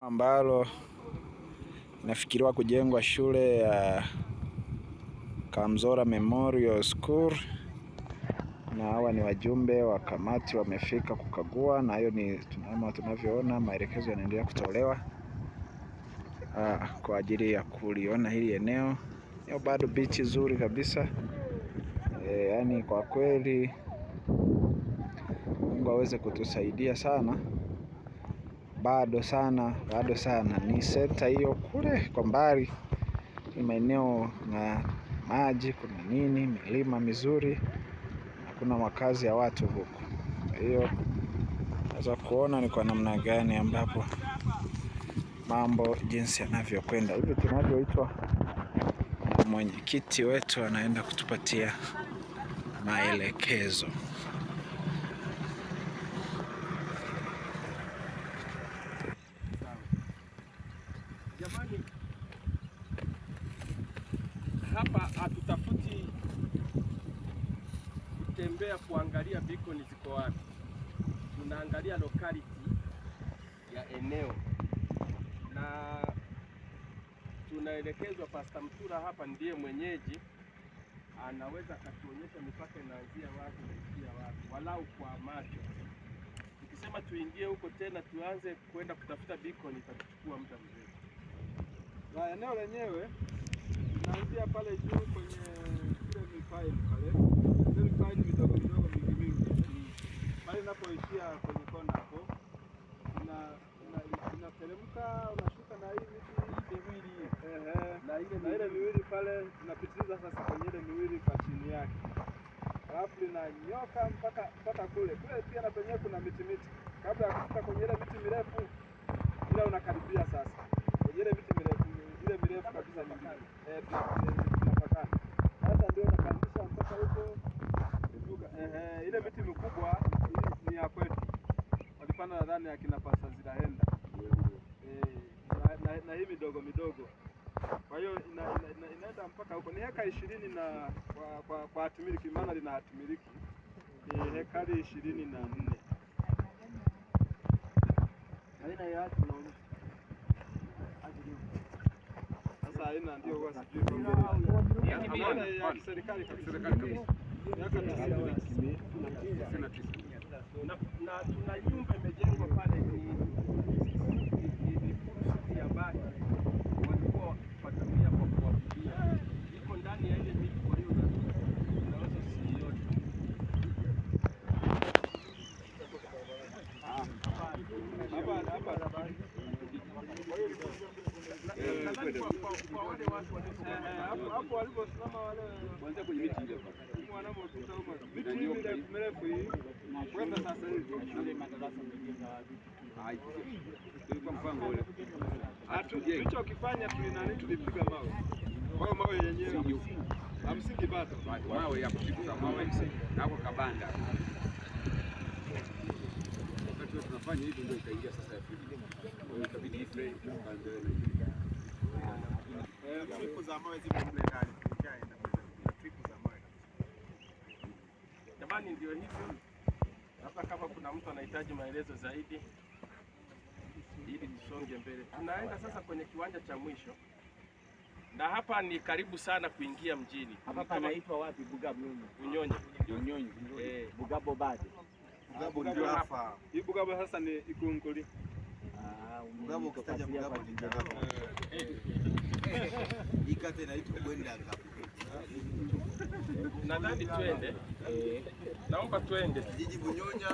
Ambalo inafikiriwa kujengwa shule ya Kamzora Memorial School, na hawa ni wajumbe wa kamati wamefika kukagua, na hiyo ni tunaona, tunavyoona maelekezo yanaendelea kutolewa aa, ah, kwa ajili ya kuliona hili eneo. Eneo bado bichi zuri kabisa e, yaani kwa kweli Mungu aweze kutusaidia sana bado sana, bado sana. Ni sekta hiyo kule kwa mbali, ni maeneo na maji, kuna nini, milima mizuri na kuna makazi ya watu huku. Kwa hiyo naweza kuona ni kwa namna gani ambapo mambo jinsi yanavyokwenda hivi, tunavyoitwa na mwenyekiti wetu anaenda kutupatia maelekezo. hatutafuti kutembea kuangalia beacon ziko wapi, tunaangalia locality ya eneo, na tunaelekezwa. Pastor Mtura hapa ndiye mwenyeji, anaweza akatuonyesha mipaka inaanzia wapi naikia wapi, walau kwa macho. Tukisema tuingie huko tena tuanze kwenda kutafuta beacon itatuchukua muda mrefu, na eneo lenyewe Naanzia pale juu kwenye ile mipaini pale, ile mipaini midogo midogo mingi mingi pale inapoishia kwenye kona hapo, inateremka unashuka na hii miti miwili na ile miwili pale tunapitiliza sasa kwenye ile miwili kwa chini yake, alafu linanyoka mpaka mpaka kule kule. Pia na penyewe kuna miti miti, kabla ya kufika kwenye ile miti mirefu ila unakaribia sasa tunapakana. Sasa ndio napandisha mpaka huko ile miti mikubwa ni ya kwetu, walipanda nadhani akina pasa zilahenda na hii midogo midogo, kwa hiyo inaenda mpaka huko. Ni heka ishirini na kwa kwa hatimiliki, maana lina hatimiliki ni hekari ishirini na nne aina ya aina ndio huwa sijui ya serikali kabisa. Tulichokifanya tulinani, tulipiga mawe kwa mawe yenyewe hamsingi bado mawe ya kupiga mawe na kwa kabanda tunafanya hivi ndio ikaingia sasa, ikabidi Jamani, ndio hivyo. Labda kama kuna mtu anahitaji maelezo zaidi ili tusonge mbele, tunaenda sasa kwenye kiwanja cha mwisho, na hapa ni karibu sana kuingia mjini. Hapa panaitwa wapi? Bunyonyi. Bunyonyi. Bugabo eh. bado. Bugabo ndio hapa. Hii Bugabo sasa ni Ikunguli. Nadhani twende, naomba twende kijiji Bunyonya.